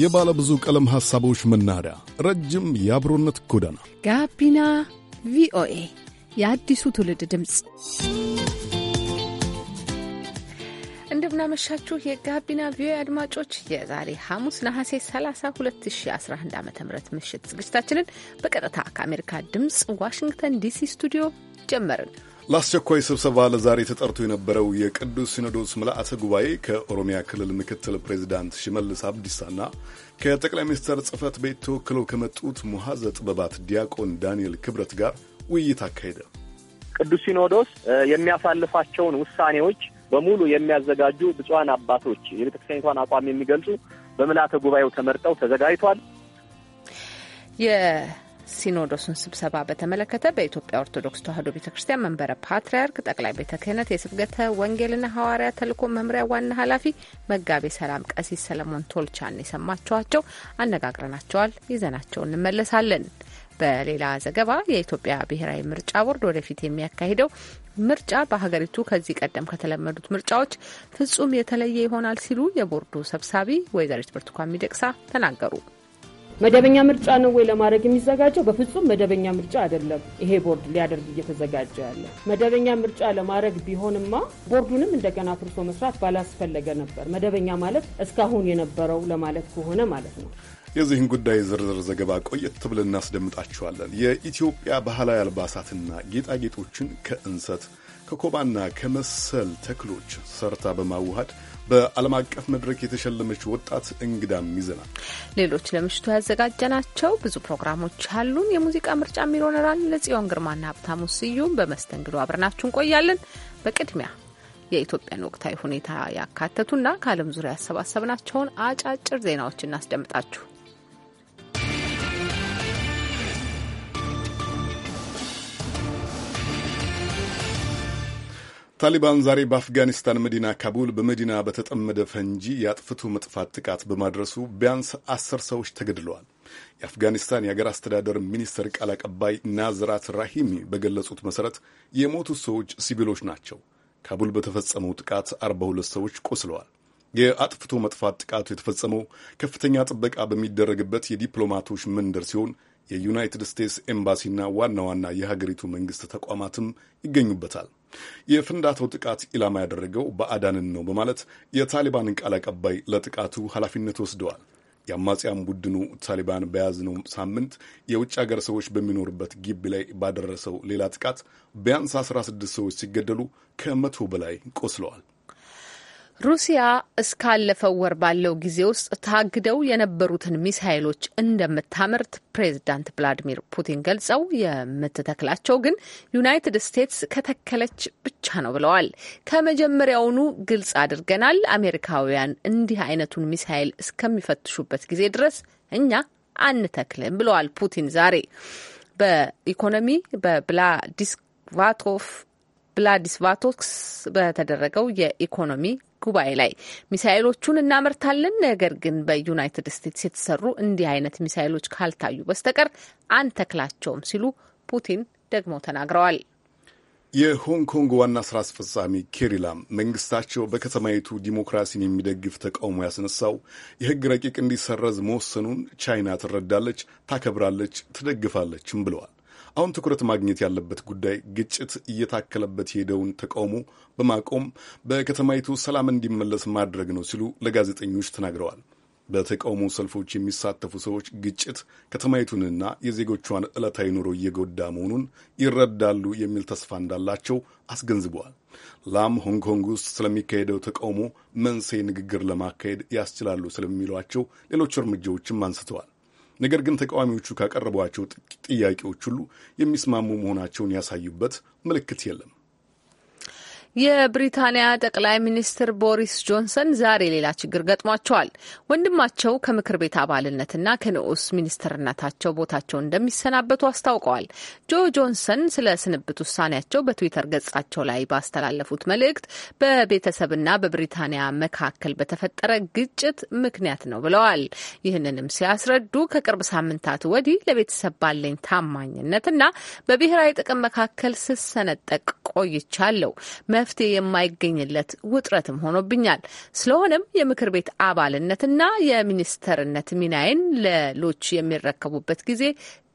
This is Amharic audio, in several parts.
የባለ ብዙ ቀለም ሐሳቦች መናኸሪያ፣ ረጅም የአብሮነት ጎዳና ጋቢና ቪኦኤ የአዲሱ ትውልድ ድምፅ። እንደምናመሻችሁ የጋቢና ቪኦኤ አድማጮች የዛሬ ሐሙስ ነሐሴ 30 2011 ዓ ም ምሽት ዝግጅታችንን በቀጥታ ከአሜሪካ ድምፅ ዋሽንግተን ዲሲ ስቱዲዮ ጀመርን። ለአስቸኳይ ስብሰባ ለዛሬ ተጠርቶ የነበረው የቅዱስ ሲኖዶስ ምልአተ ጉባኤ ከኦሮሚያ ክልል ምክትል ፕሬዚዳንት ሽመልስ አብዲሳና ከጠቅላይ ሚኒስትር ጽህፈት ቤት ተወክለው ከመጡት ሙሐዘ ጥበባት ዲያቆን ዳንኤል ክብረት ጋር ውይይት አካሄደ። ቅዱስ ሲኖዶስ የሚያሳልፋቸውን ውሳኔዎች በሙሉ የሚያዘጋጁ ብፁዓን አባቶች የቤተክርስቲያኒቷን አቋም የሚገልጹ በምልአተ ጉባኤው ተመርጠው ተዘጋጅቷል። ሲኖዶሱን ስብሰባ በተመለከተ በኢትዮጵያ ኦርቶዶክስ ተዋሕዶ ቤተ ክርስቲያን መንበረ ፓትርያርክ ጠቅላይ ቤተ ክህነት የስብገተ ወንጌልና ሐዋርያ ተልእኮ መምሪያ ዋና ኃላፊ መጋቤ ሰላም ቀሲስ ሰለሞን ቶልቻን የሰማችኋቸው፣ አነጋግረናቸዋል። ይዘናቸው እንመለሳለን። በሌላ ዘገባ የኢትዮጵያ ብሔራዊ ምርጫ ቦርድ ወደፊት የሚያካሂደው ምርጫ በሀገሪቱ ከዚህ ቀደም ከተለመዱት ምርጫዎች ፍጹም የተለየ ይሆናል ሲሉ የቦርዱ ሰብሳቢ ወይዘሪት ብርቱካን ሚደቅሳ ተናገሩ። መደበኛ ምርጫ ነው ወይ ለማድረግ የሚዘጋጀው? በፍጹም መደበኛ ምርጫ አይደለም። ይሄ ቦርድ ሊያደርግ እየተዘጋጀ ያለ መደበኛ ምርጫ ለማድረግ ቢሆንማ ቦርዱንም እንደገና ፍርሶ መስራት ባላስፈለገ ነበር። መደበኛ ማለት እስካሁን የነበረው ለማለት ከሆነ ማለት ነው። የዚህን ጉዳይ ዝርዝር ዘገባ ቆየት ብለን እናስደምጣችኋለን። የኢትዮጵያ ባህላዊ አልባሳትና ጌጣጌጦችን ከእንሰት ከኮባና ከመሰል ተክሎች ሰርታ በማዋሃድ በዓለም አቀፍ መድረክ የተሸለመች ወጣት እንግዳም ይዘናል። ሌሎች ለምሽቱ ያዘጋጀናቸው ብዙ ፕሮግራሞች አሉን። የሙዚቃ ምርጫ የሚሆነራል ለጽዮን ግርማና ሀብታሙ ስዩም በመስተንግዶ አብረናችሁ እንቆያለን። በቅድሚያ የኢትዮጵያን ወቅታዊ ሁኔታ ያካተቱና ከዓለም ዙሪያ ያሰባሰብናቸውን አጫጭር ዜናዎች እናስደምጣችሁ። ታሊባን ዛሬ በአፍጋኒስታን መዲና ካቡል በመዲና በተጠመደ ፈንጂ የአጥፍቶ መጥፋት ጥቃት በማድረሱ ቢያንስ አስር ሰዎች ተገድለዋል። የአፍጋኒስታን የአገር አስተዳደር ሚኒስትር ቃል አቀባይ ናዝራት ራሂሚ በገለጹት መሠረት የሞቱት ሰዎች ሲቪሎች ናቸው። ካቡል በተፈጸመው ጥቃት አርባ ሁለት ሰዎች ቆስለዋል። የአጥፍቶ መጥፋት ጥቃቱ የተፈጸመው ከፍተኛ ጥበቃ በሚደረግበት የዲፕሎማቶች መንደር ሲሆን የዩናይትድ ስቴትስ ኤምባሲና ዋና ዋና የሀገሪቱ መንግሥት ተቋማትም ይገኙበታል። የፍንዳታው ጥቃት ኢላማ ያደረገው በአዳንን ነው በማለት የታሊባንን ቃል አቀባይ ለጥቃቱ ኃላፊነት ወስደዋል። የአማጽያን ቡድኑ ታሊባን በያዝነው ሳምንት የውጭ አገር ሰዎች በሚኖርበት ግቢ ላይ ባደረሰው ሌላ ጥቃት ቢያንስ 16 ሰዎች ሲገደሉ ከመቶ በላይ ቆስለዋል። ሩሲያ እስካለፈው ወር ባለው ጊዜ ውስጥ ታግደው የነበሩትን ሚሳይሎች እንደምታመርት ፕሬዚዳንት ቭላዲሚር ፑቲን ገልጸው የምትተክላቸው ግን ዩናይትድ ስቴትስ ከተከለች ብቻ ነው ብለዋል። ከመጀመሪያውኑ ግልጽ አድርገናል። አሜሪካውያን እንዲህ አይነቱን ሚሳይል እስከሚፈትሹበት ጊዜ ድረስ እኛ አንተክልም ብለዋል ፑቲን ዛሬ በኢኮኖሚ በብላዲስቫቶቭ ብላዲስቫቶክስ በተደረገው የኢኮኖሚ ጉባኤ ላይ ሚሳይሎቹን እናመርታለን፣ ነገር ግን በዩናይትድ ስቴትስ የተሰሩ እንዲህ አይነት ሚሳይሎች ካልታዩ በስተቀር አንተክላቸውም ሲሉ ፑቲን ደግሞ ተናግረዋል። የሆንግ ኮንግ ዋና ስራ አስፈጻሚ ኬሪላም መንግስታቸው በከተማይቱ ዲሞክራሲን የሚደግፍ ተቃውሞ ያስነሳው የህግ ረቂቅ እንዲሰረዝ መወሰኑን ቻይና ትረዳለች፣ ታከብራለች፣ ትደግፋለችም ብለዋል። አሁን ትኩረት ማግኘት ያለበት ጉዳይ ግጭት እየታከለበት የሄደውን ተቃውሞ በማቆም በከተማይቱ ሰላም እንዲመለስ ማድረግ ነው ሲሉ ለጋዜጠኞች ተናግረዋል። በተቃውሞ ሰልፎች የሚሳተፉ ሰዎች ግጭት ከተማይቱንና የዜጎቿን ዕለታዊ ኑሮ እየጎዳ መሆኑን ይረዳሉ የሚል ተስፋ እንዳላቸው አስገንዝበዋል። ላም ሆንግ ኮንግ ውስጥ ስለሚካሄደው ተቃውሞ መንስኤ ንግግር ለማካሄድ ያስችላሉ ስለሚሏቸው ሌሎች እርምጃዎችም አንስተዋል። ነገር ግን ተቃዋሚዎቹ ካቀረቧቸው ጥያቄዎች ሁሉ የሚስማሙ መሆናቸውን ያሳዩበት ምልክት የለም። የብሪታንያ ጠቅላይ ሚኒስትር ቦሪስ ጆንሰን ዛሬ ሌላ ችግር ገጥሟቸዋል። ወንድማቸው ከምክር ቤት አባልነትና ከንዑስ ሚኒስትርነታቸው ቦታቸው እንደሚሰናበቱ አስታውቀዋል። ጆ ጆንሰን ስለ ስንብት ውሳኔያቸው በትዊተር ገጻቸው ላይ ባስተላለፉት መልእክት በቤተሰብና በብሪታንያ መካከል በተፈጠረ ግጭት ምክንያት ነው ብለዋል። ይህንንም ሲያስረዱ ከቅርብ ሳምንታት ወዲህ ለቤተሰብ ባለኝ ታማኝነትና በብሔራዊ ጥቅም መካከል ስሰነጠቅ ቆይቻለሁ። መፍትሄ የማይገኝለት ውጥረትም ሆኖብኛል። ስለሆነም የምክር ቤት አባልነትና የሚኒስተርነት ሚናዬን ሌሎች የሚረከቡበት ጊዜ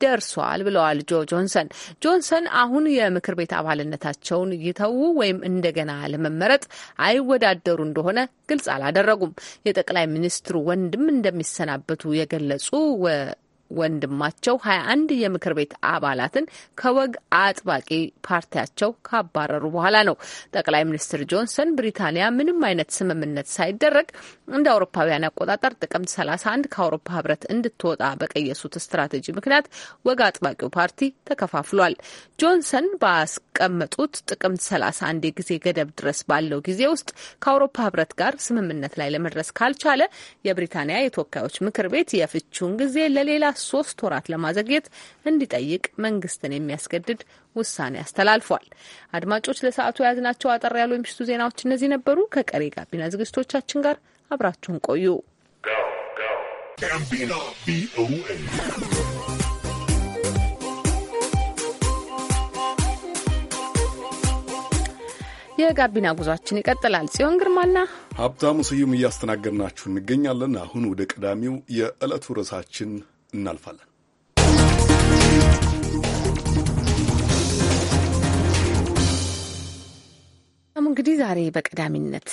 ደርሷል ብለዋል ጆ ጆንሰን። ጆንሰን አሁን የምክር ቤት አባልነታቸውን ይተዉ ወይም እንደገና ለመመረጥ አይወዳደሩ እንደሆነ ግልጽ አላደረጉም። የጠቅላይ ሚኒስትሩ ወንድም እንደሚሰናበቱ የገለጹ ወንድማቸው 21 የምክር ቤት አባላትን ከወግ አጥባቂ ፓርቲያቸው ካባረሩ በኋላ ነው። ጠቅላይ ሚኒስትር ጆንሰን ብሪታንያ ምንም አይነት ስምምነት ሳይደረግ እንደ አውሮፓውያን አቆጣጠር ጥቅምት 31 ከአውሮፓ ህብረት እንድትወጣ በቀየሱት ስትራቴጂ ምክንያት ወግ አጥባቂው ፓርቲ ተከፋፍሏል። ጆንሰን ባስቀመጡት ጥቅምት 31 የጊዜ ገደብ ድረስ ባለው ጊዜ ውስጥ ከአውሮፓ ህብረት ጋር ስምምነት ላይ ለመድረስ ካልቻለ የብሪታንያ የተወካዮች ምክር ቤት የፍቹን ጊዜ ለሌላ ሶስት ወራት ለማዘግየት እንዲጠይቅ መንግስትን የሚያስገድድ ውሳኔ አስተላልፏል። አድማጮች ለሰዓቱ የያዝናቸው አጠር ያሉ የምሽቱ ዜናዎች እነዚህ ነበሩ። ከቀሬ ጋቢና ዝግጅቶቻችን ጋር አብራችሁን ቆዩ። የጋቢና ጉዟችን ይቀጥላል። ጽዮን ግርማና ሀብታሙ ስዩም እያስተናገድናችሁ እንገኛለን። አሁን ወደ ቀዳሚው የዕለቱ ርዕሳችን እናልፋለን። እንግዲህ ዛሬ በቀዳሚነት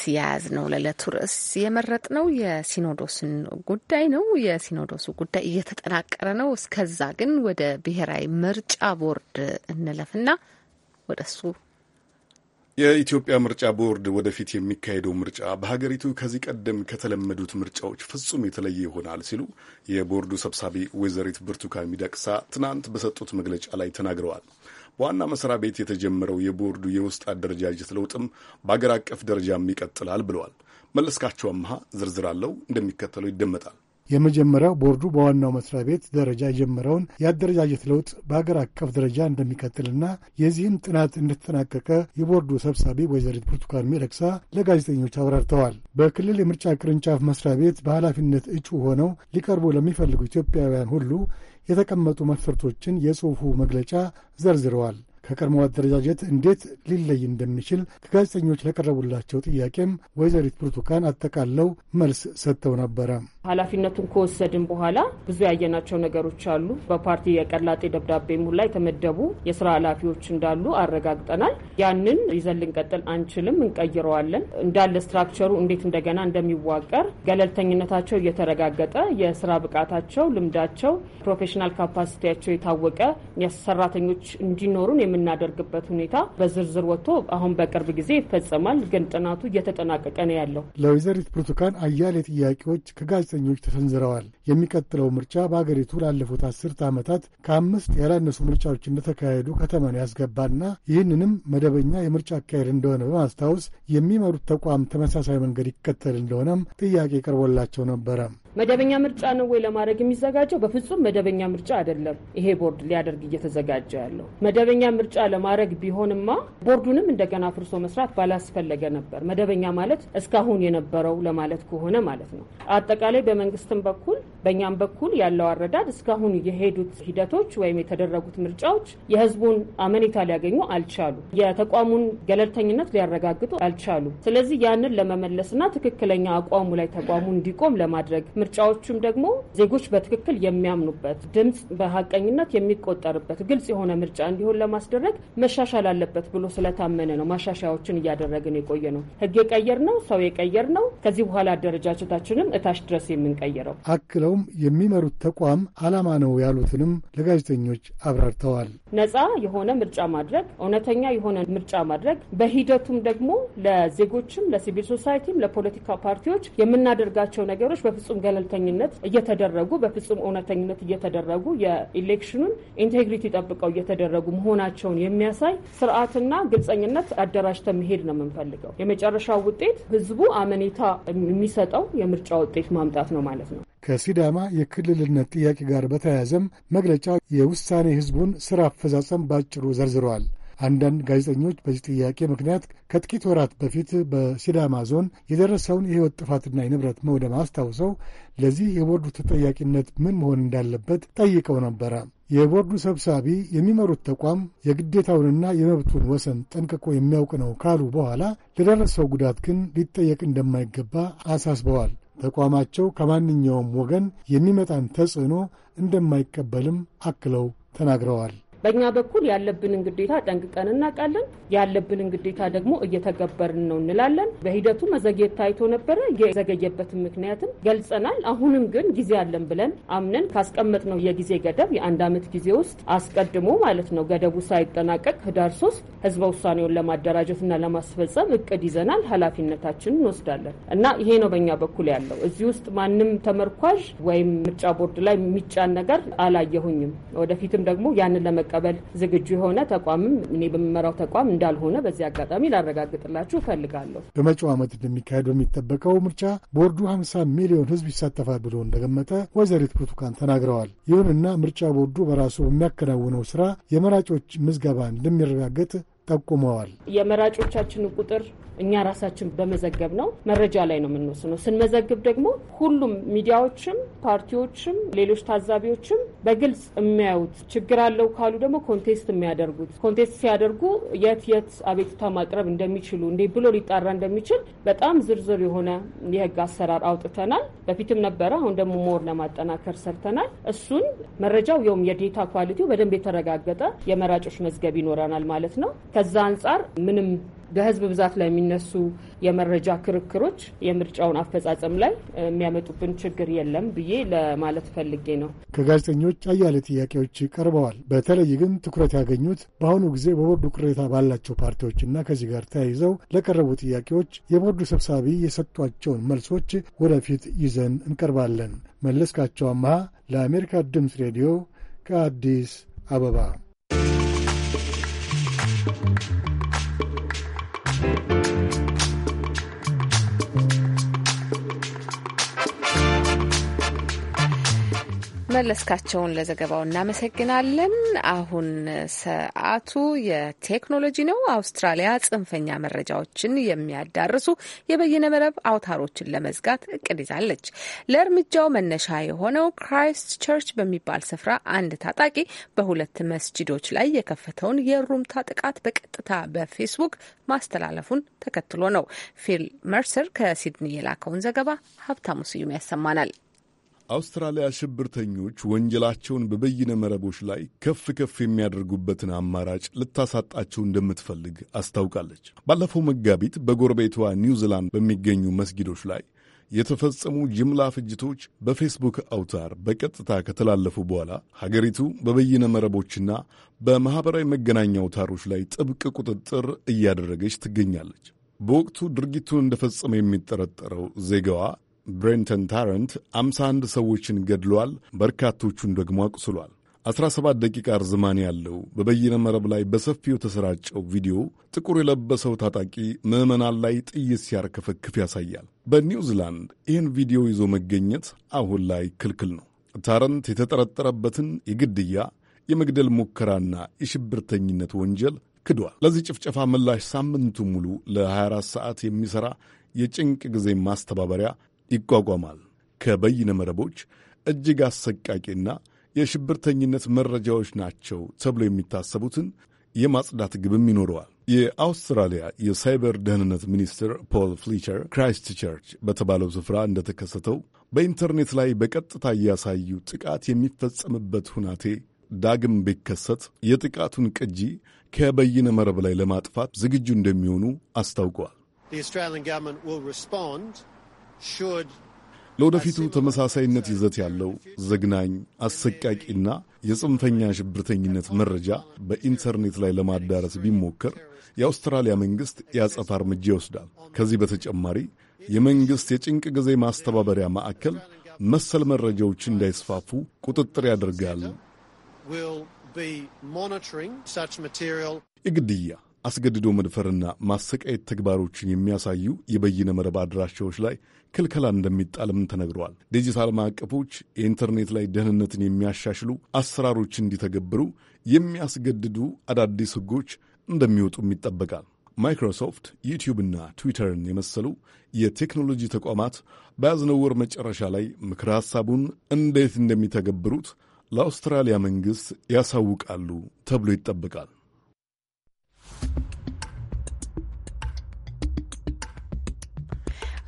ነው ለዕለቱ ርዕስ የመረጥነው የሲኖዶስን ጉዳይ ነው። የሲኖዶሱ ጉዳይ እየተጠናቀረ ነው። እስከዛ ግን ወደ ብሔራዊ ምርጫ ቦርድ እንለፍና ወደ እሱ የኢትዮጵያ ምርጫ ቦርድ ወደፊት የሚካሄደው ምርጫ በሀገሪቱ ከዚህ ቀደም ከተለመዱት ምርጫዎች ፍጹም የተለየ ይሆናል ሲሉ የቦርዱ ሰብሳቢ ወይዘሪት ብርቱካን ሚደቅሳ ትናንት በሰጡት መግለጫ ላይ ተናግረዋል። በዋና መስሪያ ቤት የተጀመረው የቦርዱ የውስጥ አደረጃጀት ለውጥም በአገር አቀፍ ደረጃም ይቀጥላል ብለዋል። መለስካቸው አምሃ ዝርዝር አለው እንደሚከተለው ይደመጣል። የመጀመሪያው ቦርዱ በዋናው መስሪያ ቤት ደረጃ የጀመረውን የአደረጃጀት ለውጥ በሀገር አቀፍ ደረጃ እንደሚቀጥልና የዚህም ጥናት እንደተጠናቀቀ የቦርዱ ሰብሳቢ ወይዘሪት ብርቱካን ሚደቅሳ ለጋዜጠኞች አብራርተዋል። በክልል የምርጫ ቅርንጫፍ መስሪያ ቤት በኃላፊነት እጩ ሆነው ሊቀርቡ ለሚፈልጉ ኢትዮጵያውያን ሁሉ የተቀመጡ መስፈርቶችን የጽሑፉ መግለጫ ዘርዝረዋል። ከቀድሞ አደረጃጀት እንዴት ሊለይ እንደሚችል ከጋዜጠኞች ለቀረቡላቸው ጥያቄም ወይዘሪት ብርቱካን አጠቃለው መልስ ሰጥተው ነበረ። ኃላፊነቱን ከወሰድን በኋላ ብዙ ያየናቸው ነገሮች አሉ። በፓርቲ የቀላጤ ደብዳቤ ላይ የተመደቡ የስራ ኃላፊዎች እንዳሉ አረጋግጠናል። ያንን ይዘን ልንቀጥል አንችልም፣ እንቀይረዋለን። እንዳለ ስትራክቸሩ እንዴት እንደገና እንደሚዋቀር ገለልተኝነታቸው እየተረጋገጠ የስራ ብቃታቸው፣ ልምዳቸው፣ ፕሮፌሽናል ካፓሲቲያቸው የታወቀ ሰራተኞች እንዲኖሩን የምናደርግበት ሁኔታ በዝርዝር ወጥቶ አሁን በቅርብ ጊዜ ይፈጸማል። ግን ጥናቱ እየተጠናቀቀ ነው ያለው። ለወይዘሪት ብርቱካን አያሌ ጥያቄዎች ከጋዜ ጋዜጠኞች ተሰንዝረዋል። የሚቀጥለው ምርጫ በአገሪቱ ላለፉት አስርት ዓመታት ከአምስት ያላነሱ ምርጫዎች እንደተካሄዱ ከተማን ያስገባና ይህንንም መደበኛ የምርጫ አካሄድ እንደሆነ በማስታወስ የሚመሩት ተቋም ተመሳሳይ መንገድ ይከተል እንደሆነም ጥያቄ ቀርቦላቸው ነበረ። መደበኛ ምርጫ ነው ወይ ለማድረግ የሚዘጋጀው? በፍጹም መደበኛ ምርጫ አይደለም። ይሄ ቦርድ ሊያደርግ እየተዘጋጀ ያለው መደበኛ ምርጫ ለማድረግ ቢሆንማ ቦርዱንም እንደገና ፍርሶ መስራት ባላስፈለገ ነበር። መደበኛ ማለት እስካሁን የነበረው ለማለት ከሆነ ማለት ነው። አጠቃላይ በመንግስትም በኩል በእኛም በኩል ያለው አረዳድ እስካሁን የሄዱት ሂደቶች ወይም የተደረጉት ምርጫዎች የህዝቡን አመኔታ ሊያገኙ አልቻሉ፣ የተቋሙን ገለልተኝነት ሊያረጋግጡ አልቻሉ። ስለዚህ ያንን ለመመለስና ትክክለኛ አቋሙ ላይ ተቋሙ እንዲቆም ለማድረግ ምርጫዎቹም ደግሞ ዜጎች በትክክል የሚያምኑበት ድምፅ በሀቀኝነት የሚቆጠርበት ግልጽ የሆነ ምርጫ እንዲሆን ለማስደረግ መሻሻል አለበት ብሎ ስለታመነ ነው ማሻሻያዎችን እያደረግን የቆየ ነው። ህግ የቀየር ነው፣ ሰው የቀየር ነው። ከዚህ በኋላ አደረጃጀታችንም እታች ድረስ የምንቀይረው። አክለውም የሚመሩት ተቋም አላማ ነው ያሉትንም ለጋዜጠኞች አብራርተዋል። ነጻ የሆነ ምርጫ ማድረግ፣ እውነተኛ የሆነ ምርጫ ማድረግ፣ በሂደቱም ደግሞ ለዜጎችም፣ ለሲቪል ሶሳይቲም፣ ለፖለቲካ ፓርቲዎች የምናደርጋቸው ነገሮች በፍጹም በገለልተኝነት እየተደረጉ በፍጹም እውነተኝነት እየተደረጉ የኢሌክሽኑን ኢንቴግሪቲ ጠብቀው እየተደረጉ መሆናቸውን የሚያሳይ ስርዓትና ግልጸኝነት አደራጅተን መሄድ ነው የምንፈልገው። የመጨረሻው ውጤት ህዝቡ አመኔታ የሚሰጠው የምርጫ ውጤት ማምጣት ነው ማለት ነው። ከሲዳማ የክልልነት ጥያቄ ጋር በተያያዘም መግለጫ የውሳኔ ህዝቡን ስራ አፈጻጸም ባጭሩ ዘርዝረዋል። አንዳንድ ጋዜጠኞች በዚህ ጥያቄ ምክንያት ከጥቂት ወራት በፊት በሲዳማ ዞን የደረሰውን የህይወት ጥፋትና የንብረት መውደም አስታውሰው ለዚህ የቦርዱ ተጠያቂነት ምን መሆን እንዳለበት ጠይቀው ነበረ። የቦርዱ ሰብሳቢ የሚመሩት ተቋም የግዴታውንና የመብቱን ወሰን ጠንቅቆ የሚያውቅ ነው ካሉ በኋላ ለደረሰው ጉዳት ግን ሊጠየቅ እንደማይገባ አሳስበዋል። ተቋማቸው ከማንኛውም ወገን የሚመጣን ተጽዕኖ እንደማይቀበልም አክለው ተናግረዋል። በእኛ በኩል ያለብንን ግዴታ ጠንቅቀን እናውቃለን። ያለብንን ግዴታ ደግሞ እየተገበርን ነው እንላለን። በሂደቱ መዘግየት ታይቶ ነበረ። የዘገየበትን ምክንያትም ገልጸናል። አሁንም ግን ጊዜ አለን ብለን አምነን ካስቀመጥነው የጊዜ ገደብ የአንድ አመት ጊዜ ውስጥ አስቀድሞ ማለት ነው ገደቡ ሳይጠናቀቅ ህዳር ሶስት ህዝበ ውሳኔውን ለማደራጀትና ለማስፈጸም እቅድ ይዘናል። ኃላፊነታችንን እንወስዳለን እና ይሄ ነው በእኛ በኩል ያለው። እዚህ ውስጥ ማንም ተመርኳዥ ወይም ምርጫ ቦርድ ላይ የሚጫን ነገር አላየሁኝም። ወደፊትም ደግሞ ያንን ለመቀ ለመቀበል ዝግጁ የሆነ ተቋምም እኔ በምመራው ተቋም እንዳልሆነ በዚህ አጋጣሚ ላረጋግጥላችሁ እፈልጋለሁ። በመጪው ዓመት እንደሚካሄድ በሚጠበቀው ምርጫ ቦርዱ 50 ሚሊዮን ሕዝብ ይሳተፋል ብሎ እንደገመጠ ወይዘሪት ብርቱካን ተናግረዋል። ይሁንና ምርጫ ቦርዱ በራሱ በሚያከናውነው ስራ የመራጮች ምዝገባ እንደሚረጋገጥ ጠቁመዋል። የመራጮቻችን ቁጥር እኛ ራሳችን በመዘገብ ነው መረጃ ላይ ነው የምንወስነው። ስንመዘግብ ደግሞ ሁሉም ሚዲያዎችም፣ ፓርቲዎችም፣ ሌሎች ታዛቢዎችም በግልጽ የሚያዩት ችግር አለው ካሉ ደግሞ ኮንቴስት የሚያደርጉት ኮንቴስት ሲያደርጉ የት የት አቤቱታ ማቅረብ እንደሚችሉ እንዴ ብሎ ሊጣራ እንደሚችል በጣም ዝርዝር የሆነ የህግ አሰራር አውጥተናል። በፊትም ነበረ፣ አሁን ደግሞ ሞር ለማጠናከር ሰርተናል። እሱን መረጃው የውም የዴታ ኳሊቲው በደንብ የተረጋገጠ የመራጮች መዝገብ ይኖረናል ማለት ነው። ከዛ አንጻር ምንም በህዝብ ብዛት ላይ የሚነሱ የመረጃ ክርክሮች የምርጫውን አፈጻጸም ላይ የሚያመጡብን ችግር የለም ብዬ ለማለት ፈልጌ ነው። ከጋዜጠኞች አያሌ ጥያቄዎች ቀርበዋል። በተለይ ግን ትኩረት ያገኙት በአሁኑ ጊዜ በቦርዱ ቅሬታ ባላቸው ፓርቲዎችና ከዚህ ጋር ተያይዘው ለቀረቡ ጥያቄዎች የቦርዱ ሰብሳቢ የሰጧቸውን መልሶች ወደፊት ይዘን እንቀርባለን። መለስካቸው አምሃ ለአሜሪካ ድምፅ ሬዲዮ ከአዲስ አበባ Thank you. መለስካቸውን ለዘገባው እናመሰግናለን። አሁን ሰዓቱ የቴክኖሎጂ ነው። አውስትራሊያ ጽንፈኛ መረጃዎችን የሚያዳርሱ የበይነ መረብ አውታሮችን ለመዝጋት እቅድ ይዛለች። ለእርምጃው መነሻ የሆነው ክራይስት ቸርች በሚባል ስፍራ አንድ ታጣቂ በሁለት መስጂዶች ላይ የከፈተውን የሩምታ ጥቃት በቀጥታ በፌስቡክ ማስተላለፉን ተከትሎ ነው። ፊል መርሰር ከሲድኒ የላከውን ዘገባ ሀብታሙ ስዩም ያሰማናል። አውስትራሊያ ሽብርተኞች ወንጀላቸውን በበይነ መረቦች ላይ ከፍ ከፍ የሚያደርጉበትን አማራጭ ልታሳጣቸው እንደምትፈልግ አስታውቃለች። ባለፈው መጋቢት በጎረቤቷ ኒውዚላንድ በሚገኙ መስጊዶች ላይ የተፈጸሙ ጅምላ ፍጅቶች በፌስቡክ አውታር በቀጥታ ከተላለፉ በኋላ ሀገሪቱ በበይነ መረቦችና በማኅበራዊ መገናኛ አውታሮች ላይ ጥብቅ ቁጥጥር እያደረገች ትገኛለች። በወቅቱ ድርጊቱን እንደፈጸመ የሚጠረጠረው ዜጋዋ ብሬንተን ታረንት 51 ሰዎችን ገድሏል፣ በርካቶቹን ደግሞ አቁስሏል። 17 ደቂቃ ርዝማን ያለው በበይነ መረብ ላይ በሰፊው የተሰራጨው ቪዲዮ ጥቁር የለበሰው ታጣቂ ምዕመናን ላይ ጥይት ሲያርከፈክፍ ያሳያል። በኒውዚላንድ ይህን ቪዲዮ ይዞ መገኘት አሁን ላይ ክልክል ነው። ታረንት የተጠረጠረበትን የግድያ የመግደል ሙከራና የሽብርተኝነት ወንጀል ክዷል። ለዚህ ጭፍጨፋ ምላሽ ሳምንቱ ሙሉ ለ24 ሰዓት የሚሠራ የጭንቅ ጊዜ ማስተባበሪያ ይቋቋማል። ከበይነ መረቦች እጅግ አሰቃቂና የሽብርተኝነት መረጃዎች ናቸው ተብሎ የሚታሰቡትን የማጽዳት ግብም ይኖረዋል። የአውስትራሊያ የሳይበር ደህንነት ሚኒስትር ፖል ፍሊቸር ክራይስት ቸርች በተባለው ስፍራ እንደተከሰተው በኢንተርኔት ላይ በቀጥታ እያሳዩ ጥቃት የሚፈጸምበት ሁናቴ ዳግም ቢከሰት የጥቃቱን ቅጂ ከበይነ መረብ ላይ ለማጥፋት ዝግጁ እንደሚሆኑ አስታውቀዋል። ለወደፊቱ ተመሳሳይነት ይዘት ያለው ዘግናኝ፣ አሰቃቂና የጽንፈኛ ሽብርተኝነት መረጃ በኢንተርኔት ላይ ለማዳረስ ቢሞከር የአውስትራሊያ መንግሥት የአጸፋ እርምጃ ይወስዳል። ከዚህ በተጨማሪ የመንግሥት የጭንቅ ጊዜ ማስተባበሪያ ማዕከል መሰል መረጃዎች እንዳይስፋፉ ቁጥጥር ያደርጋል። የግድያ አስገድዶ መድፈርና ማሰቃየት ተግባሮችን የሚያሳዩ የበይነ መረብ አድራሻዎች ላይ ክልከላ እንደሚጣልም ተነግሯል። ዲጂታል ማዕቀፎች የኢንተርኔት ላይ ደህንነትን የሚያሻሽሉ አሰራሮች እንዲተገብሩ የሚያስገድዱ አዳዲስ ሕጎች እንደሚወጡም ይጠበቃል። ማይክሮሶፍት ዩቲዩብና ትዊተርን የመሰሉ የቴክኖሎጂ ተቋማት በያዝነው ወር መጨረሻ ላይ ምክረ ሐሳቡን እንዴት እንደሚተገብሩት ለአውስትራሊያ መንግሥት ያሳውቃሉ ተብሎ ይጠበቃል።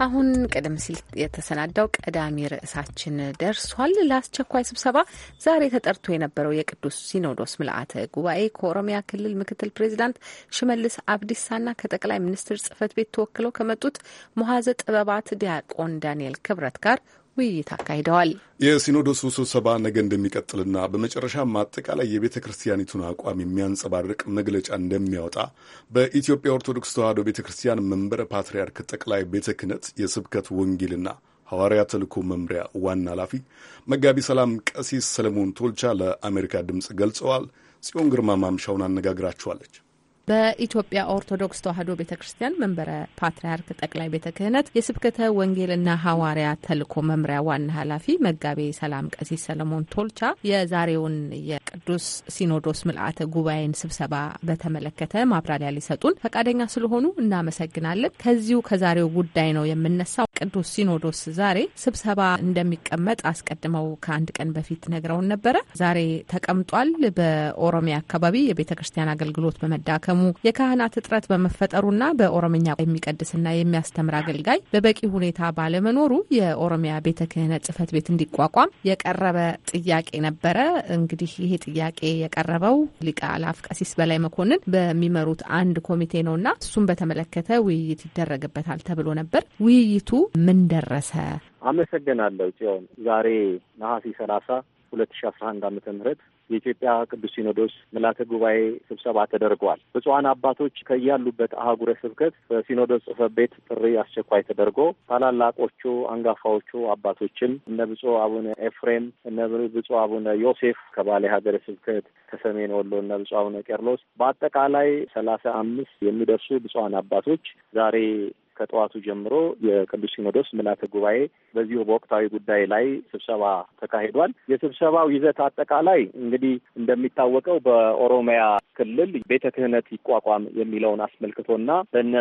አሁን ቀደም ሲል የተሰናዳው ቀዳሚ ርዕሳችን ደርሷል። ለአስቸኳይ ስብሰባ ዛሬ ተጠርቶ የነበረው የቅዱስ ሲኖዶስ ምልአተ ጉባኤ ከኦሮሚያ ክልል ምክትል ፕሬዚዳንት ሽመልስ አብዲሳና ከጠቅላይ ሚኒስትር ጽህፈት ቤት ተወክለው ከመጡት መሀዘ ጥበባት ዲያቆን ዳንኤል ክብረት ጋር ውይይት አካሂደዋል። የሲኖዶሱ ስብሰባ ነገ እንደሚቀጥልና በመጨረሻም አጠቃላይ የቤተ ክርስቲያኒቱን አቋም የሚያንጸባርቅ መግለጫ እንደሚያወጣ በኢትዮጵያ ኦርቶዶክስ ተዋሕዶ ቤተ ክርስቲያን መንበረ ፓትርያርክ ጠቅላይ ቤተ ክህነት የስብከት ወንጌልና ሐዋርያ ተልእኮ መምሪያ ዋና ኃላፊ መጋቢ ሰላም ቀሲስ ሰለሞን ቶልቻ ለአሜሪካ ድምፅ ገልጸዋል። ጽዮን ግርማ ማምሻውን አነጋግራችኋለች። በኢትዮጵያ ኦርቶዶክስ ተዋሕዶ ቤተ ክርስቲያን መንበረ ፓትርያርክ ጠቅላይ ቤተ ክህነት የስብከተ ወንጌልና ሐዋርያ ተልእኮ መምሪያ ዋና ኃላፊ መጋቤ ሰላም ቀሲስ ሰለሞን ቶልቻ የዛሬውን የቅዱስ ሲኖዶስ ምልአተ ጉባኤን ስብሰባ በተመለከተ ማብራሪያ ሊሰጡን ፈቃደኛ ስለሆኑ እናመሰግናለን። ከዚሁ ከዛሬው ጉዳይ ነው የምነሳው። ቅዱስ ሲኖዶስ ዛሬ ስብሰባ እንደሚቀመጥ አስቀድመው ከአንድ ቀን በፊት ነግረውን ነበረ። ዛሬ ተቀምጧል። በኦሮሚያ አካባቢ የቤተ ክርስቲያን አገልግሎት በመዳከ የሚታተሙ የካህናት እጥረት በመፈጠሩና በኦሮምኛ የሚቀድስና የሚያስተምር አገልጋይ በበቂ ሁኔታ ባለመኖሩ የኦሮሚያ ቤተ ክህነት ጽሕፈት ቤት እንዲቋቋም የቀረበ ጥያቄ ነበረ። እንግዲህ ይሄ ጥያቄ የቀረበው ሊቀ አላፍ ቀሲስ በላይ መኮንን በሚመሩት አንድ ኮሚቴ ነውና እሱን በተመለከተ ውይይት ይደረግበታል ተብሎ ነበር። ውይይቱ ምን ደረሰ? አመሰግናለሁ ጽዮን። ዛሬ ነሐሴ ሰላሳ ሁለት ሺ አስራ አንድ አመተ ምህረት የኢትዮጵያ ቅዱስ ሲኖዶስ ምልዓተ ጉባኤ ስብሰባ ተደርገዋል። ብፁዓን አባቶች ከያሉበት አህጉረ ስብከት በሲኖዶስ ጽሕፈት ቤት ጥሪ አስቸኳይ ተደርጎ ታላላቆቹ አንጋፋዎቹ አባቶችም እነ ብፁዕ አቡነ ኤፍሬም፣ እነ ብፁዕ አቡነ ዮሴፍ ከባሌ ሀገረ ስብከት ከሰሜን ወሎ እነ ብፁዕ አቡነ ቄርሎስ በአጠቃላይ ሰላሳ አምስት የሚደርሱ ብፁዓን አባቶች ዛሬ ከጠዋቱ ጀምሮ የቅዱስ ሲኖዶስ ምልዓተ ጉባኤ በዚሁ በወቅታዊ ጉዳይ ላይ ስብሰባ ተካሂዷል። የስብሰባው ይዘት አጠቃላይ እንግዲህ እንደሚታወቀው በኦሮሚያ ክልል ቤተ ክህነት ይቋቋም የሚለውን አስመልክቶና በነ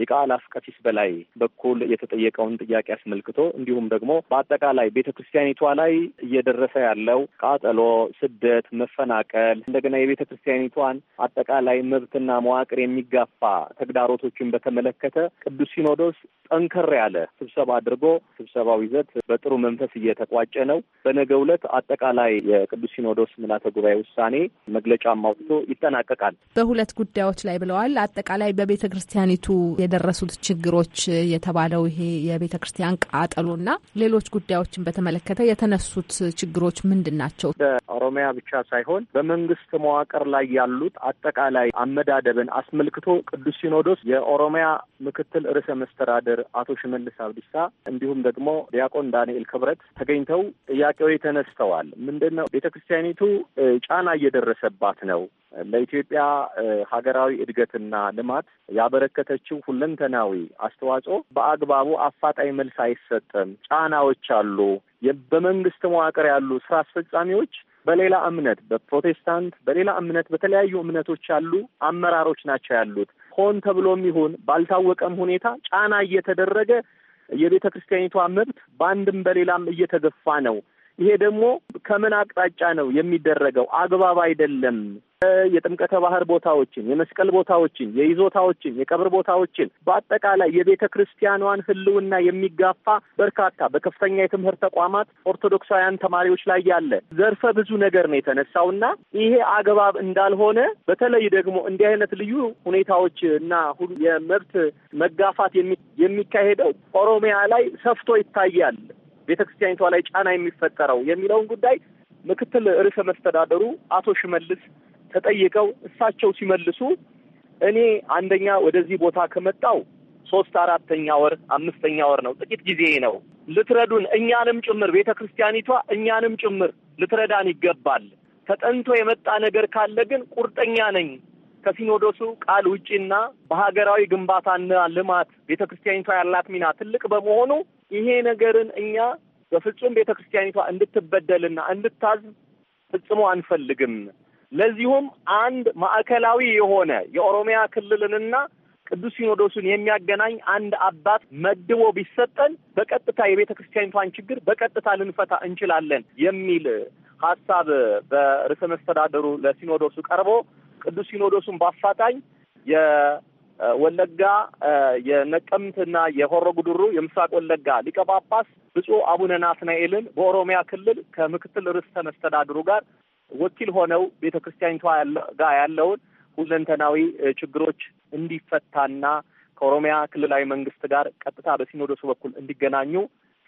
ሊቃል አስቀፊስ በላይ በኩል የተጠየቀውን ጥያቄ አስመልክቶ እንዲሁም ደግሞ በአጠቃላይ ቤተ ክርስቲያኒቷ ላይ እየደረሰ ያለው ቃጠሎ፣ ስደት፣ መፈናቀል እንደገና የቤተ ክርስቲያኒቷን አጠቃላይ መብትና መዋቅር የሚጋፋ ተግዳሮቶችን በተመለከተ ቅዱስ ሲኖዶስ ጠንከር ያለ ስብሰባ አድርጎ ስብሰባው ይዘት በጥሩ መንፈስ እየተቋጨ ነው። በነገ ዕለት አጠቃላይ የቅዱስ ሲኖዶስ ምልዓተ ጉባኤ ውሳኔ መግለጫም አውጥቶ ይጠናቀቃል። በሁለት ጉዳዮች ላይ ብለዋል። አጠቃላይ በቤተ ክርስቲያኒቱ የደረሱት ችግሮች የተባለው ይሄ የቤተ ክርስቲያን ቃጠሎና ሌሎች ጉዳዮችን በተመለከተ የተነሱት ችግሮች ምንድን ናቸው? በኦሮሚያ ብቻ ሳይሆን በመንግስት መዋቅር ላይ ያሉት አጠቃላይ አመዳደብን አስመልክቶ ቅዱስ ሲኖዶስ የኦሮሚያ ምክትል ርዕሰ ርዕሰ መስተዳደር አቶ ሽመልስ አብዲሳ እንዲሁም ደግሞ ዲያቆን ዳንኤል ክብረት ተገኝተው ጥያቄው ተነስተዋል። ምንድን ነው ቤተ ክርስቲያኒቱ ጫና እየደረሰባት ነው ለኢትዮጵያ ሀገራዊ እድገትና ልማት ያበረከተችው ሁለንተናዊ አስተዋጽኦ በአግባቡ አፋጣኝ መልስ አይሰጥም፣ ጫናዎች አሉ። በመንግስት መዋቅር ያሉ ስራ አስፈጻሚዎች በሌላ እምነት፣ በፕሮቴስታንት፣ በሌላ እምነት፣ በተለያዩ እምነቶች ያሉ አመራሮች ናቸው ያሉት ሆን ተብሎም ይሁን ባልታወቀም ሁኔታ ጫና እየተደረገ የቤተ ክርስቲያኒቷ መብት በአንድም በሌላም እየተገፋ ነው ይሄ ደግሞ ከምን አቅጣጫ ነው የሚደረገው? አግባብ አይደለም። የጥምቀተ ባህር ቦታዎችን፣ የመስቀል ቦታዎችን፣ የይዞታዎችን፣ የቀብር ቦታዎችን በአጠቃላይ የቤተ ክርስቲያኗን ሕልውና የሚጋፋ በርካታ በከፍተኛ የትምህርት ተቋማት ኦርቶዶክሳውያን ተማሪዎች ላይ ያለ ዘርፈ ብዙ ነገር ነው የተነሳውና ይሄ አግባብ እንዳልሆነ በተለይ ደግሞ እንዲህ አይነት ልዩ ሁኔታዎች እና የመብት መጋፋት የሚካሄደው ኦሮሚያ ላይ ሰፍቶ ይታያል። ቤተ ክርስቲያኒቷ ላይ ጫና የሚፈጠረው የሚለውን ጉዳይ ምክትል ርዕሰ መስተዳደሩ አቶ ሽመልስ ተጠይቀው እሳቸው ሲመልሱ እኔ አንደኛ ወደዚህ ቦታ ከመጣው ሶስት አራተኛ ወር አምስተኛ ወር ነው፣ ጥቂት ጊዜ ነው። ልትረዱን እኛንም ጭምር ቤተ ክርስቲያኒቷ እኛንም ጭምር ልትረዳን ይገባል። ተጠንቶ የመጣ ነገር ካለ ግን ቁርጠኛ ነኝ ከሲኖዶሱ ቃል ውጪና በሀገራዊ ግንባታና ልማት ቤተ ክርስቲያኒቷ ያላት ሚና ትልቅ በመሆኑ ይሄ ነገርን እኛ በፍጹም ቤተ ክርስቲያኒቷ እንድትበደልና እንድታዝ ፈጽሞ አንፈልግም። ለዚሁም አንድ ማዕከላዊ የሆነ የኦሮሚያ ክልልንና ቅዱስ ሲኖዶሱን የሚያገናኝ አንድ አባት መድቦ ቢሰጠን በቀጥታ የቤተ ክርስቲያኒቷን ችግር በቀጥታ ልንፈታ እንችላለን የሚል ሀሳብ በርዕሰ መስተዳደሩ ለሲኖዶሱ ቀርቦ ቅዱስ ሲኖዶሱን በአፋጣኝ ወለጋ የነቀምትና የሆሮ ጉድሩ የምስራቅ ወለጋ ሊቀ ጳጳስ ብፁዕ አቡነ ናትናኤልን በኦሮሚያ ክልል ከምክትል ርዕሰ መስተዳድሩ ጋር ወኪል ሆነው ቤተ ክርስቲያኒቷ ጋር ያለውን ሁለንተናዊ ችግሮች እንዲፈታና ከኦሮሚያ ክልላዊ መንግስት ጋር ቀጥታ በሲኖዶሱ በኩል እንዲገናኙ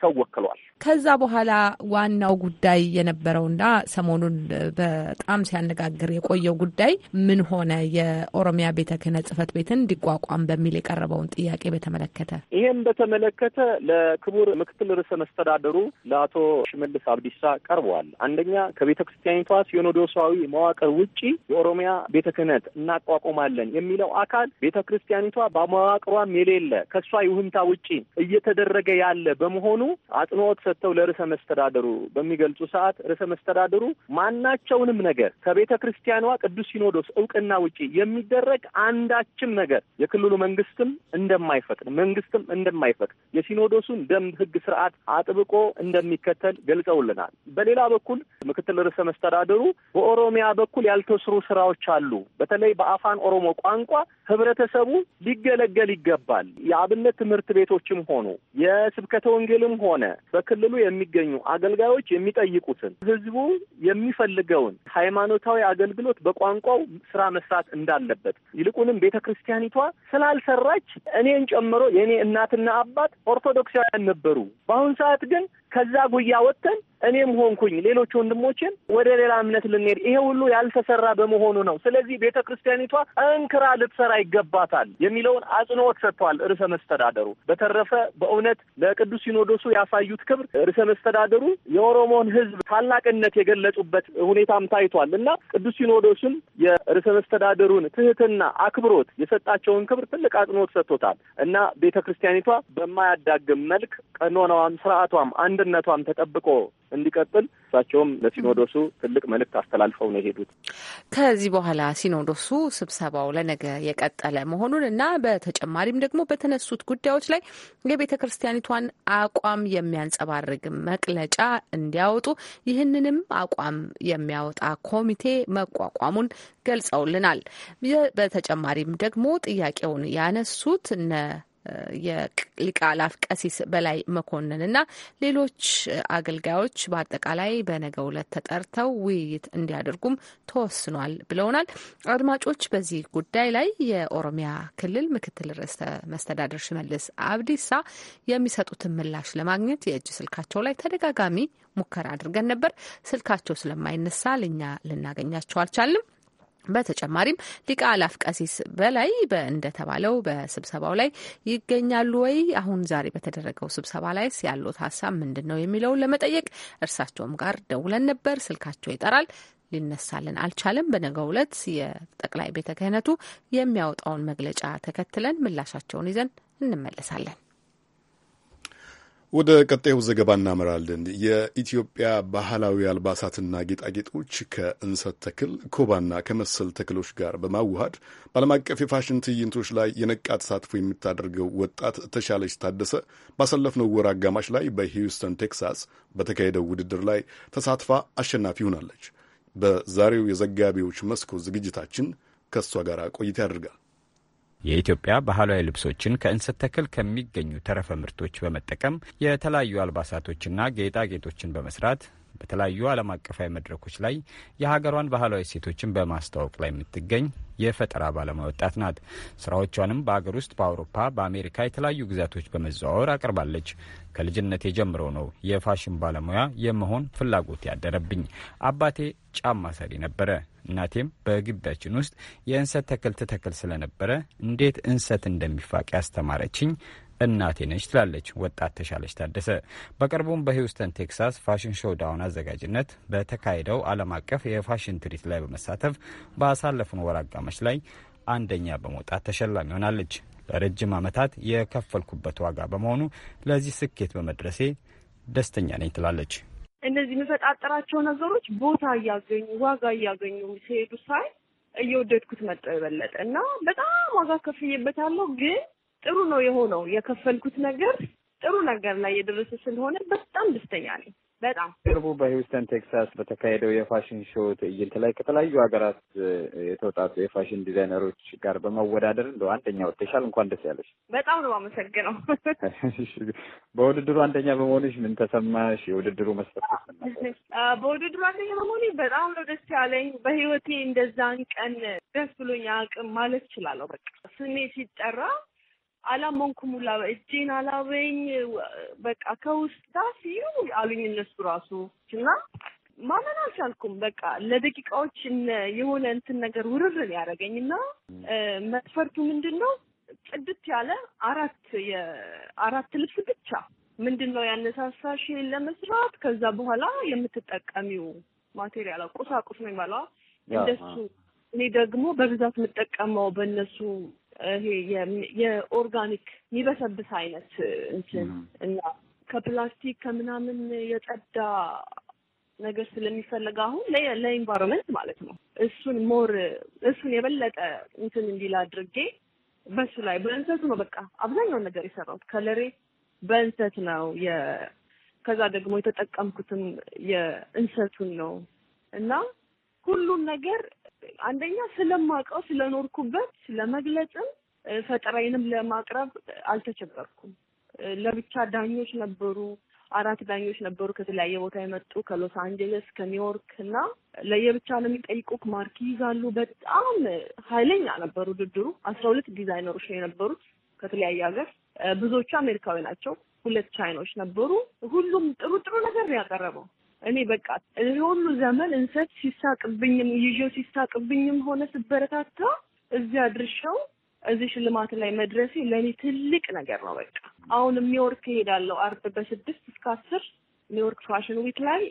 ሰው ወክሏል። ከዛ በኋላ ዋናው ጉዳይ የነበረውና ሰሞኑን በጣም ሲያነጋግር የቆየው ጉዳይ ምን ሆነ? የኦሮሚያ ቤተ ክህነት ጽህፈት ቤትን እንዲቋቋም በሚል የቀረበውን ጥያቄ በተመለከተ ይህም በተመለከተ ለክቡር ምክትል ርዕሰ መስተዳደሩ ለአቶ ሽመልስ አብዲሳ ቀርበዋል። አንደኛ ከቤተ ክርስቲያኒቷ ሲኖዶሳዊ መዋቅር ውጪ የኦሮሚያ ቤተ ክህነት እናቋቁማለን የሚለው አካል ቤተ ክርስቲያኒቷ በመዋቅሯም የሌለ ከእሷ ይሁንታ ውጪ እየተደረገ ያለ በመሆኑ አጽንኦት ሰጥተው ለርዕሰ መስተዳደሩ በሚገልጹ ሰዓት ርዕሰ መስተዳደሩ ማናቸውንም ነገር ከቤተ ክርስቲያኗ ቅዱስ ሲኖዶስ እውቅና ውጪ የሚደረግ አንዳችም ነገር የክልሉ መንግስትም እንደማይፈቅድ መንግስትም እንደማይፈቅድ የሲኖዶሱን ደንብ፣ ህግ፣ ስርዓት አጥብቆ እንደሚከተል ገልጸውልናል። በሌላ በኩል ምክትል ርዕሰ መስተዳደሩ በኦሮሚያ በኩል ያልተስሩ ስራዎች አሉ። በተለይ በአፋን ኦሮሞ ቋንቋ ህብረተሰቡ ሊገለገል ይገባል። የአብነት ትምህርት ቤቶችም ሆኑ የስብከተ ወንጌልም በክልልም ሆነ በክልሉ የሚገኙ አገልጋዮች የሚጠይቁትን ህዝቡ የሚፈልገውን ሃይማኖታዊ አገልግሎት በቋንቋው ስራ መስራት እንዳለበት ይልቁንም ቤተ ክርስቲያኒቷ ስላልሰራች እኔን ጨምሮ የእኔ እናትና አባት ኦርቶዶክሳውያን ነበሩ። በአሁን ሰዓት ግን ከዛ ጉያ ወጥተን እኔም ሆንኩኝ ሌሎች ወንድሞችን ወደ ሌላ እምነት ልንሄድ ይሄ ሁሉ ያልተሰራ በመሆኑ ነው። ስለዚህ ቤተ ክርስቲያኒቷ እንክራ ልትሰራ ይገባታል የሚለውን አጽንኦት ሰጥተዋል ርዕሰ መስተዳደሩ። በተረፈ በእውነት ለቅዱስ ሲኖዶሱ ያሳዩት ክብር ርዕሰ መስተዳደሩ የኦሮሞን ሕዝብ ታላቅነት የገለጹበት ሁኔታም ታይቷል እና ቅዱስ ሲኖዶሱም የርዕሰ መስተዳደሩን ትህትና፣ አክብሮት የሰጣቸውን ክብር ትልቅ አጽንኦት ሰጥቶታል እና ቤተ ክርስቲያኒቷ በማያዳግም መልክ ቀኖናዋም ስርዓቷም አንድ አንድነቷም ተጠብቆ እንዲቀጥል እሳቸውም ለሲኖዶሱ ትልቅ መልእክት አስተላልፈው ነው የሄዱት። ከዚህ በኋላ ሲኖዶሱ ስብሰባው ለነገ የቀጠለ መሆኑን እና በተጨማሪም ደግሞ በተነሱት ጉዳዮች ላይ የቤተ ክርስቲያኒቷን አቋም የሚያንጸባርቅ መግለጫ እንዲያወጡ ይህንንም አቋም የሚያወጣ ኮሚቴ መቋቋሙን ገልጸውልናል። በተጨማሪም ደግሞ ጥያቄውን ያነሱት እነ የሊቃላፍ ቀሲስ በላይ መኮንን እና ሌሎች አገልጋዮች በአጠቃላይ በነገው ዕለት ተጠርተው ውይይት እንዲያደርጉም ተወስኗል ብለውናል። አድማጮች፣ በዚህ ጉዳይ ላይ የኦሮሚያ ክልል ምክትል ርዕሰ መስተዳደር ሽመልስ አብዲሳ የሚሰጡትን ምላሽ ለማግኘት የእጅ ስልካቸው ላይ ተደጋጋሚ ሙከራ አድርገን ነበር። ስልካቸው ስለማይነሳ ልኛ ልናገኛቸው አልቻልንም። በተጨማሪም ሊቀ አላፍ ቀሲስ በላይ እንደተባለው በስብሰባው ላይ ይገኛሉ ወይ? አሁን ዛሬ በተደረገው ስብሰባ ላይ ያሉት ሀሳብ ምንድን ነው የሚለውን ለመጠየቅ እርሳቸውም ጋር ደውለን ነበር። ስልካቸው ይጠራል፣ ሊነሳልን አልቻለም። በነገው ዕለት የጠቅላይ ቤተ ክህነቱ የሚያወጣውን መግለጫ ተከትለን ምላሻቸውን ይዘን እንመለሳለን። ወደ ቀጣዩ ዘገባ እናመራለን። የኢትዮጵያ ባህላዊ አልባሳትና ጌጣጌጦች ከእንሰት ተክል ኮባና ከመሰል ተክሎች ጋር በማዋሃድ በዓለም አቀፍ የፋሽን ትዕይንቶች ላይ የነቃ ተሳትፎ የምታደርገው ወጣት ተሻለች ታደሰ ባሳለፍነው ወር አጋማሽ ላይ በሂውስተን ቴክሳስ በተካሄደው ውድድር ላይ ተሳትፋ አሸናፊ ሆናለች። በዛሬው የዘጋቢዎች መስኮ ዝግጅታችን ከእሷ ጋር ቆይታ ያደርጋል። የኢትዮጵያ ባህላዊ ልብሶችን ከእንሰት ተክል ከሚገኙ ተረፈ ምርቶች በመጠቀም የተለያዩ አልባሳቶችና ጌጣጌጦችን በመስራት በተለያዩ ዓለም አቀፋዊ መድረኮች ላይ የሀገሯን ባህላዊ ሴቶችን በማስተዋወቅ ላይ የምትገኝ የፈጠራ ባለሙያ ወጣት ናት። ስራዎቿንም በሀገር ውስጥ በአውሮፓ፣ በአሜሪካ የተለያዩ ግዛቶች በመዘዋወር አቅርባለች። ከልጅነት ጀምሮ ነው የፋሽን ባለሙያ የመሆን ፍላጎት ያደረብኝ። አባቴ ጫማ ሰሪ ነበረ። እናቴም በግቢያችን ውስጥ የእንሰት ተክል ትተክል ስለነበረ እንዴት እንሰት እንደሚፋቅ ያስተማረችኝ እናቴ ነች ትላለች ወጣት ተሻለች ታደሰ። በቅርቡም በሂውስተን ቴክሳስ ፋሽን ሾው ዳውን አዘጋጅነት በተካሄደው ዓለም አቀፍ የፋሽን ትርኢት ላይ በመሳተፍ በአሳለፍን ወር አጋማሽ ላይ አንደኛ በመውጣት ተሸላሚ ሆናለች። ለረጅም ዓመታት የከፈልኩበት ዋጋ በመሆኑ ለዚህ ስኬት በመድረሴ ደስተኛ ነኝ ትላለች። እነዚህ የምፈጣጠራቸው ነገሮች ቦታ እያገኙ ዋጋ እያገኙ ሲሄዱ ሳይ እየወደድኩት መጠው የበለጠ እና በጣም ዋጋ ከፍዬበታለሁ ግን ጥሩ ነው የሆነው። የከፈልኩት ነገር ጥሩ ነገር ላይ የደረሰ ስለሆነ በጣም ደስተኛ ነኝ። በጣም ቅርቡ በሂውስተን ቴክሳስ በተካሄደው የፋሽን ሾው ትዕይንት ላይ ከተለያዩ ሀገራት የተውጣጡ የፋሽን ዲዛይነሮች ጋር በመወዳደር እንደ አንደኛ ወጥተሻል። እንኳን ደስ ያለሽ። በጣም ነው አመሰግነው። በውድድሩ አንደኛ በመሆንሽ ምን ተሰማሽ? የውድድሩ መስፈርት በውድድሩ አንደኛ በመሆኔ በጣም ነው ደስ ያለኝ። በህይወቴ እንደዛን ቀን ደስ ብሎኝ አቅም ማለት እችላለሁ። በቃ ስሜ ሲጠራ አላመንኩም ሁላ እጄን አላበኝ በቃ ከውስጥ ዳፊዩ አሉኝ እነሱ ራሱ እና ማመን አልቻልኩም። በቃ ለደቂቃዎች የሆነ እንትን ነገር ውርርን ያደረገኝ እና መጥፈርቱ ምንድን ነው? ጽድት ያለ አራት የአራት ልብስ ብቻ ምንድን ነው ያነሳሳሽ ለመስራት? ከዛ በኋላ የምትጠቀሚው ማቴሪያል ቁሳቁስ ነው ይባለዋል። እንደሱ እኔ ደግሞ በብዛት የምጠቀመው በእነሱ ይሄ የኦርጋኒክ የሚበሰብስ አይነት እንትን እና ከፕላስቲክ ከምናምን የጸዳ ነገር ስለሚፈለግ አሁን ለኢንቫይሮንመንት ማለት ነው። እሱን ሞር እሱን የበለጠ እንትን እንዲል አድርጌ በሱ ላይ በእንሰቱ ነው በቃ አብዛኛውን ነገር የሰራሁት ከለሬ በእንሰት ነው። ከዛ ደግሞ የተጠቀምኩትም የእንሰቱን ነው እና ሁሉም ነገር አንደኛ ስለማውቀው ስለኖርኩበት ለመግለጽም ፈጠራዬንም ለማቅረብ አልተቸገርኩም። ለብቻ ዳኞች ነበሩ። አራት ዳኞች ነበሩ ከተለያየ ቦታ የመጡ ከሎስ አንጀለስ፣ ከኒውዮርክ እና ለየብቻ ነው የሚጠይቁት። ማርክ ይዛሉ። በጣም ኃይለኛ ነበሩ ውድድሩ። አስራ ሁለት ዲዛይነሮች ነው የነበሩት ከተለያየ ሀገር። ብዙዎቹ አሜሪካዊ ናቸው። ሁለት ቻይኖች ነበሩ። ሁሉም ጥሩ ጥሩ ነገር ነው ያቀረበው። እኔ በቃ ሁሉ ዘመን እንሰት ሲሳቅብኝም ይዤው ሲሳቅብኝም ሆነ ስበረታታ እዚያ ድርሻው እዚህ ሽልማት ላይ መድረሴ ለእኔ ትልቅ ነገር ነው። በቃ አሁን ኒውዮርክ እሄዳለሁ አርብ በስድስት እስከ አስር ኒውዮርክ ፋሽን ዊክ ላይ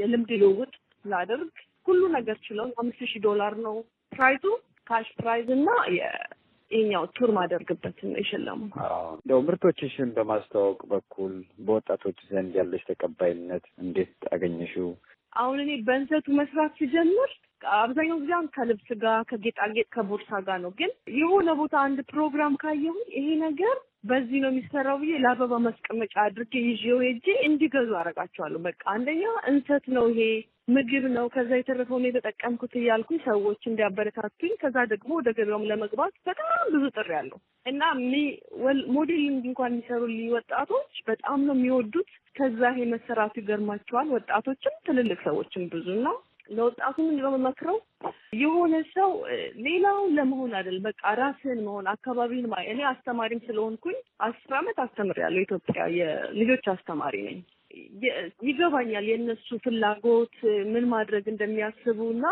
የልምድ ልውውጥ ላደርግ ሁሉ ነገር ችለው አምስት ሺህ ዶላር ነው ፕራይዙ ካሽ ፕራይዝ እና ይሄኛው ቱር ማደርግበትን የሸለሙ እንደው ምርቶችሽን በማስተዋወቅ በኩል በወጣቶች ዘንድ ያለች ተቀባይነት እንዴት አገኘሽው? አሁን እኔ በእንሰቱ መስራት ሲጀምር አብዛኛው ጊዜ አሁን ከልብስ ጋር ከጌጣጌጥ ከቦርሳ ጋር ነው። ግን የሆነ ቦታ አንድ ፕሮግራም ካየሁ ይሄ ነገር በዚህ ነው የሚሰራው ብዬ ለአበባ ማስቀመጫ አድርጌ ይዤው ሄጄ እንዲገዙ አደርጋቸዋለሁ። በቃ አንደኛ እንሰት ነው ይሄ ምግብ ነው። ከዛ የተረፈው ነው የተጠቀምኩት እያልኩኝ ሰዎች እንዲያበረታቱኝ፣ ከዛ ደግሞ ወደ ገበያውም ለመግባት በጣም ብዙ ጥሪ አለው እና ሞዴሊንግ እንኳን የሚሰሩልኝ ወጣቶች በጣም ነው የሚወዱት። ከዛ ይሄ መሰራቱ ይገርማቸዋል። ወጣቶችም ትልልቅ ሰዎችም ብዙ እና ለወጣቱ ምንድን ነው የሆነ ሰው ሌላውን ለመሆን አይደል፣ በቃ ራስህን መሆን አካባቢን ማ እኔ አስተማሪም ስለሆንኩኝ አስር አመት አስተምሬያለሁ። ኢትዮጵያ የልጆች አስተማሪ ነኝ። ይገባኛል የእነሱ ፍላጎት ምን ማድረግ እንደሚያስቡ እና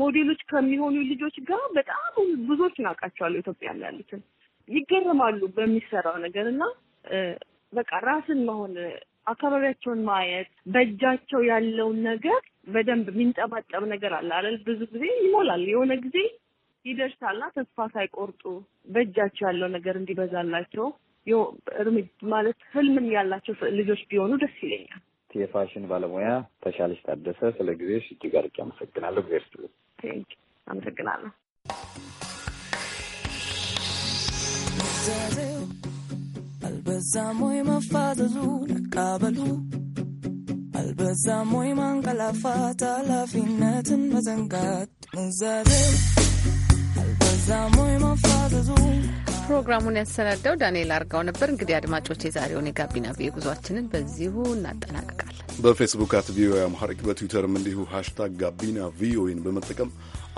ሞዴሎች ከሚሆኑ ልጆች ጋር በጣም ብዙዎች እናውቃቸዋለሁ ኢትዮጵያ ያሉትን ይገረማሉ በሚሰራው ነገር እና በቃ ራስን መሆን አካባቢያቸውን ማየት በእጃቸው ያለውን ነገር በደንብ የሚንጠባጠብ ነገር አለ አይደል? ብዙ ጊዜ ይሞላል። የሆነ ጊዜ ይደርሳልና ተስፋ ሳይቆርጡ በእጃቸው ያለው ነገር እንዲበዛላቸው ማለት ህልምም ያላቸው ልጆች ቢሆኑ ደስ ይለኛል። የፋሽን ባለሙያ ተሻለች ታደሰ፣ ስለ ጊዜሽ እጅግ አድርጌ አመሰግናለሁ። ጊዜ ስ አመሰግናለሁ። አልበዛም ወይ መፋዘዙ ነቃበሉ አልበዛም ወይ ማንቀላፋት ኃላፊነትን መዘንጋት ምንዛሬው አልበዛም ወይ መፋዘዙ ፕሮግራሙን ያሰናዳው ዳንኤል አርጋው ነበር። እንግዲህ አድማጮች የዛሬውን የጋቢና ቪዮ ጉዟችንን በዚሁ እናጠናቀቃለን። በፌስቡክ አት ቪዮ አምሃሪክ በትዊተርም እንዲሁ ሃሽታግ ጋቢና ቪዮን በመጠቀም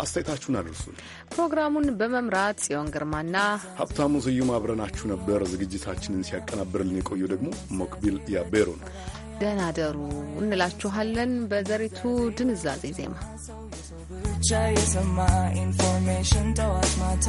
አስተያየታችሁን አድርሱን። ፕሮግራሙን በመምራት ጽዮን ግርማና ሀብታሙ ስዩም አብረናችሁ ነበር። ዝግጅታችንን ሲያቀናብርልን የቆየው ደግሞ ሞክቢል ያቤሮ ነው። ደህና ደሩ እንላችኋለን። በዘሪቱ ድንዛዜ ዜማ ብቻ የሰማ ኢንፎርሜሽን ጠዋት ማታ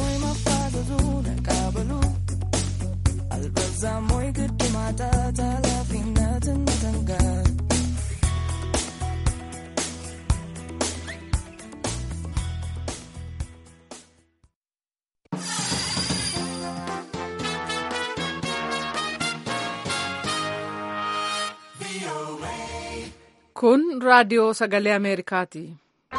radio sagale Sagalee Ameerikaati.